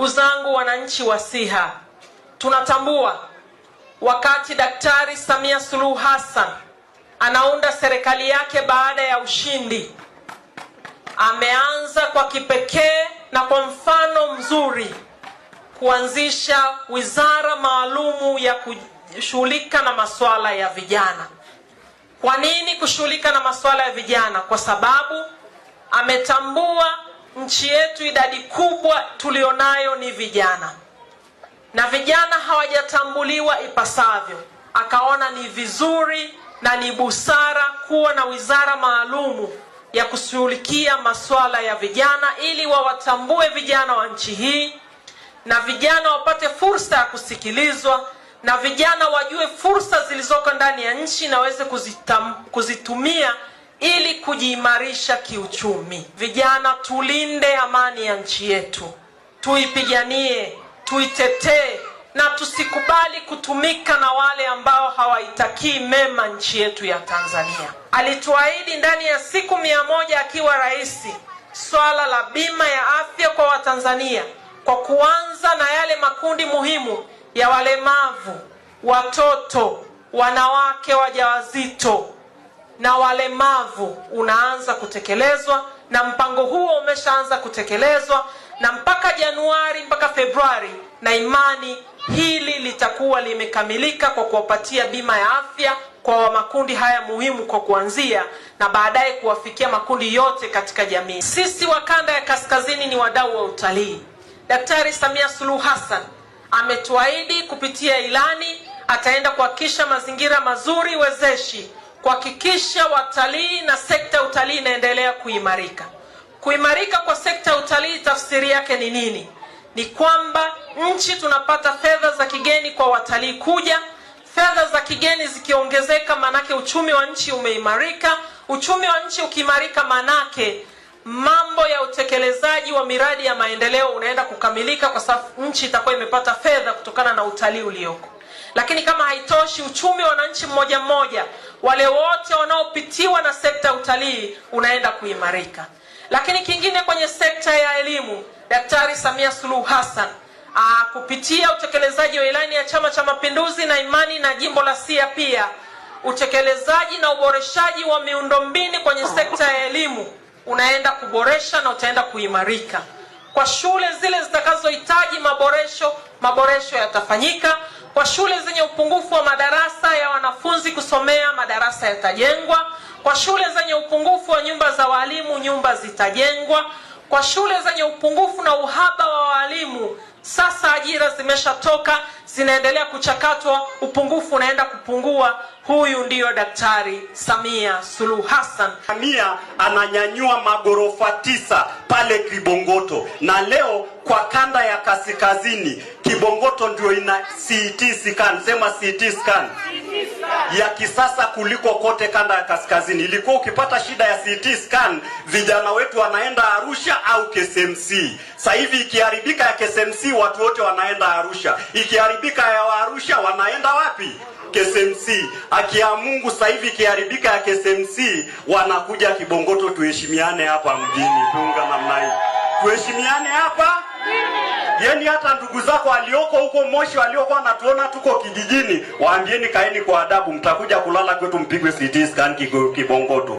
Ndugu zangu wananchi wa Siha, tunatambua wakati Daktari Samia Suluhu Hassan anaunda serikali yake baada ya ushindi, ameanza kwa kipekee na kwa mfano mzuri kuanzisha wizara maalumu ya kushughulika na masuala ya vijana. Kwa nini kushughulika na masuala ya vijana? Kwa sababu ametambua nchi yetu idadi kubwa tulionayo ni vijana na vijana hawajatambuliwa ipasavyo akaona ni vizuri na ni busara kuwa na wizara maalumu ya kushughulikia masuala ya vijana ili wawatambue vijana wa nchi hii na vijana wapate fursa ya kusikilizwa na vijana wajue fursa zilizoko ndani ya nchi na waweze kuzitumia ili kujiimarisha kiuchumi. Vijana, tulinde amani ya nchi yetu, tuipiganie, tuitetee na tusikubali kutumika na wale ambao hawaitakii mema nchi yetu ya Tanzania. Alituahidi ndani ya siku mia moja akiwa rais swala la bima ya afya kwa Watanzania kwa kuanza na yale makundi muhimu ya walemavu, watoto, wanawake wajawazito na walemavu unaanza kutekelezwa na mpango huo umeshaanza kutekelezwa na mpaka Januari mpaka Februari, na imani hili litakuwa limekamilika kwa kuwapatia bima ya afya kwa makundi haya muhimu kwa kuanzia na baadaye kuwafikia makundi yote katika jamii. Sisi wa kanda ya kaskazini ni wadau wa utalii. Daktari Samia Suluhu Hassan ametuahidi kupitia ilani ataenda kuhakikisha mazingira mazuri wezeshi kuhakikisha watalii na sekta ya utalii inaendelea kuimarika. Kuimarika kwa sekta ya utalii tafsiri yake ni nini? Ni kwamba nchi tunapata fedha za kigeni kwa watalii kuja. Fedha za kigeni zikiongezeka, maanake uchumi wa nchi umeimarika. Uchumi wa nchi ukiimarika, maanake mambo ya utekelezaji wa miradi ya maendeleo unaenda kukamilika, kwa sababu nchi itakuwa imepata fedha kutokana na utalii ulioko. Lakini kama haitoshi, uchumi wa wananchi mmoja mmoja wale wote wanaopitiwa na sekta ya utalii unaenda kuimarika lakini kingine kwenye sekta ya elimu daktari samia suluhu hassan Aa, ah, kupitia utekelezaji wa ilani ya chama cha mapinduzi na imani na jimbo la sia pia utekelezaji na uboreshaji wa miundombinu kwenye sekta ya elimu unaenda kuboresha na utaenda kuimarika kwa shule zile zitakazohitaji maboresho maboresho yatafanyika kwa shule zenye upungufu wa madarasa ya wanafunzi kusomea, madarasa yatajengwa. Kwa shule zenye upungufu wa nyumba za walimu, nyumba zitajengwa. Kwa shule zenye upungufu na uhaba wa walimu, sasa ajira zimeshatoka, zinaendelea kuchakatwa, upungufu unaenda kupungua. Huyu ndiyo Daktari Samia Suluhu Hassan. Samia ananyanyua magorofa tisa pale Kibongoto, na leo kwa kanda ya kasikazini Kibongoto ndio ina CT scan, sema CT scan ya kisasa kuliko kote kanda ya kaskazini. Ilikuwa ukipata shida ya CT scan, vijana wetu wanaenda Arusha au KSMC. Sasa hivi ikiharibika ya KSMC, watu wote wanaenda Arusha. Ikiharibika ya Arusha, wanaenda wapi? KSMC. Akia Mungu, sasa hivi ikiharibika ya KSMC, wanakuja Kibongoto. Tuheshimiane hapa mjini, tunga namna hii, tuheshimiane hapa Yeni hata ndugu zako walioko huko Moshi waliokuwa natuona tuko kijijini, waambieni kaeni kwa adabu, mtakuja kulala kwetu mpigwe CT scan kibongo tu.